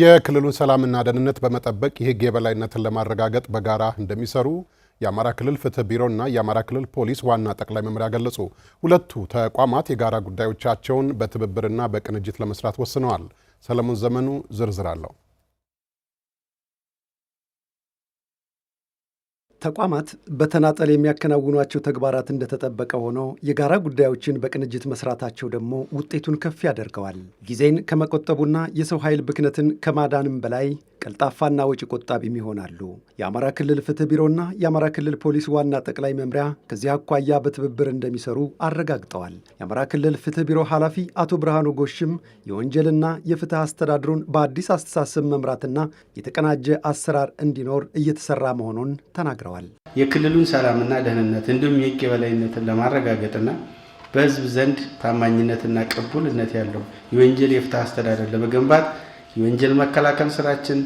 የክልሉን ሰላምና ደህንነት በመጠበቅ የህግ የበላይነትን ለማረጋገጥ በጋራ እንደሚሰሩ የአማራ ክልል ፍትህ ቢሮና የአማራ ክልል ፖሊስ ዋና ጠቅላይ መምሪያ ገለጹ። ሁለቱ ተቋማት የጋራ ጉዳዮቻቸውን በትብብርና በቅንጅት ለመስራት ወስነዋል። ሰለሞን ዘመኑ ዝርዝር አለው። ተቋማት በተናጠል የሚያከናውኗቸው ተግባራት እንደተጠበቀ ሆኖ የጋራ ጉዳዮችን በቅንጅት መስራታቸው ደግሞ ውጤቱን ከፍ ያደርገዋል። ጊዜን ከመቆጠቡና የሰው ኃይል ብክነትን ከማዳንም በላይ ቀልጣፋና ወጪ ቆጣቢም ይሆናሉ። የአማራ ክልል ፍትህ ቢሮና የአማራ ክልል ፖሊስ ዋና ጠቅላይ መምሪያ ከዚህ አኳያ በትብብር እንደሚሰሩ አረጋግጠዋል። የአማራ ክልል ፍትህ ቢሮ ኃላፊ አቶ ብርሃኑ ጎሽም የወንጀልና የፍትህ አስተዳድሩን በአዲስ አስተሳሰብ መምራትና የተቀናጀ አሰራር እንዲኖር እየተሰራ መሆኑን ተናግረዋል። የክልሉን ሰላምና ደህንነት እንዲሁም የህግ የበላይነትን ለማረጋገጥና በህዝብ ዘንድ ታማኝነትና ቅቡልነት ያለው የወንጀል የፍትህ አስተዳደር ለመገንባት የወንጀል መከላከል ስራችን፣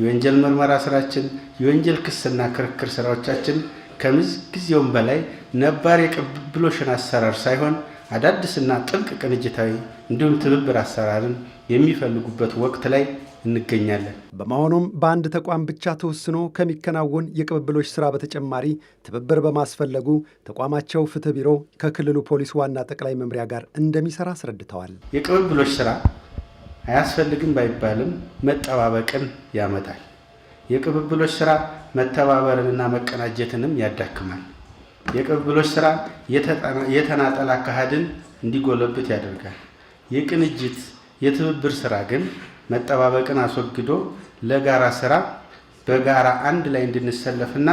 የወንጀል ምርመራ ስራችን፣ የወንጀል ክስና ክርክር ስራዎቻችን ከምዝ ጊዜውም በላይ ነባር የቅብብሎሽን አሰራር ሳይሆን አዳዲስና ጥብቅ ቅንጅታዊ እንዲሁም ትብብር አሰራርን የሚፈልጉበት ወቅት ላይ እንገኛለን። በመሆኑም በአንድ ተቋም ብቻ ተወስኖ ከሚከናወን የቅብብሎች ስራ በተጨማሪ ትብብር በማስፈለጉ ተቋማቸው ፍትህ ቢሮ ከክልሉ ፖሊስ ዋና ጠቅላይ መምሪያ ጋር እንደሚሰራ አስረድተዋል። የቅብብሎች ስራ አያስፈልግም ባይባልም መጠባበቅን ያመጣል። የቅብብሎች ስራ መተባበርንና መቀናጀትንም ያዳክማል። የቅብብሎች ስራ የተናጠል አካሄድን እንዲጎለብት ያደርጋል። የቅንጅት የትብብር ስራ ግን መጠባበቅን አስወግዶ ለጋራ ስራ በጋራ አንድ ላይ እንድንሰለፍና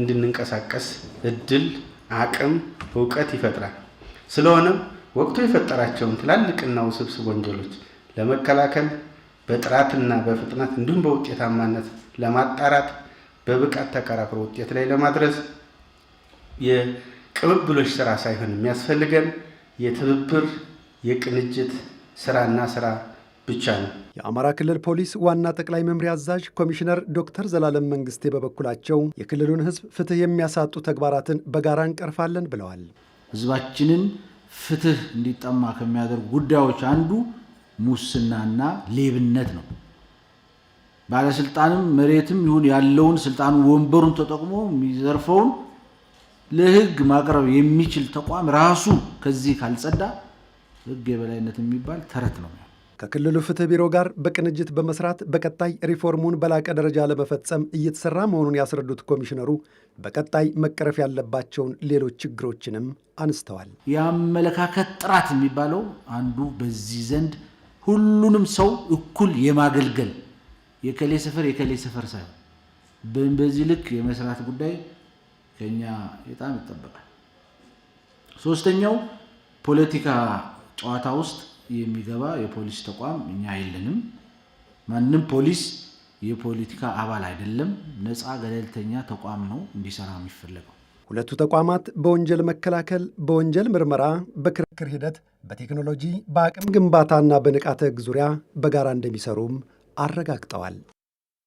እንድንንቀሳቀስ እድል፣ አቅም፣ እውቀት ይፈጥራል። ስለሆነም ወቅቱ የፈጠራቸውን ትላልቅና ውስብስብ ወንጀሎች ለመከላከል በጥራትና በፍጥነት እንዲሁም በውጤታማነት ለማጣራት በብቃት ተከራክሮ ውጤት ላይ ለማድረስ የቅብብሎች ስራ ሳይሆን የሚያስፈልገን የትብብር የቅንጅት ስራና ስራ ብቻ ነው። የአማራ ክልል ፖሊስ ዋና ጠቅላይ መምሪያ አዛዥ ኮሚሽነር ዶክተር ዘላለም መንግስቴ በበኩላቸው የክልሉን ህዝብ ፍትህ የሚያሳጡ ተግባራትን በጋራ እንቀርፋለን ብለዋል። ህዝባችንን ፍትህ እንዲጠማ ከሚያደርጉ ጉዳዮች አንዱ ሙስናና ሌብነት ነው። ባለስልጣንም መሬትም ይሁን ያለውን ስልጣኑ ወንበሩን ተጠቅሞ የሚዘርፈውን ለህግ ማቅረብ የሚችል ተቋም ራሱ ከዚህ ካልጸዳ ህግ የበላይነት የሚባል ተረት ነው። ከክልሉ ፍትህ ቢሮ ጋር በቅንጅት በመስራት በቀጣይ ሪፎርሙን በላቀ ደረጃ ለመፈጸም እየተሰራ መሆኑን ያስረዱት ኮሚሽነሩ በቀጣይ መቀረፍ ያለባቸውን ሌሎች ችግሮችንም አንስተዋል። የአመለካከት ጥራት የሚባለው አንዱ በዚህ ዘንድ ሁሉንም ሰው እኩል የማገልገል የከሌ ሰፈር የከሌ ሰፈር ሳይሆን በዚህ ልክ የመስራት ጉዳይ ከኛ በጣም ይጠበቃል። ሶስተኛው ፖለቲካ ጨዋታ ውስጥ የሚገባ የፖሊስ ተቋም እኛ የለንም። ማንም ፖሊስ የፖለቲካ አባል አይደለም። ነፃ ገለልተኛ ተቋም ነው እንዲሰራ የሚፈለገው። ሁለቱ ተቋማት በወንጀል መከላከል፣ በወንጀል ምርመራ፣ በክርክር ሂደት፣ በቴክኖሎጂ፣ በአቅም ግንባታና በንቃተ ዙሪያ በጋራ እንደሚሰሩም አረጋግጠዋል።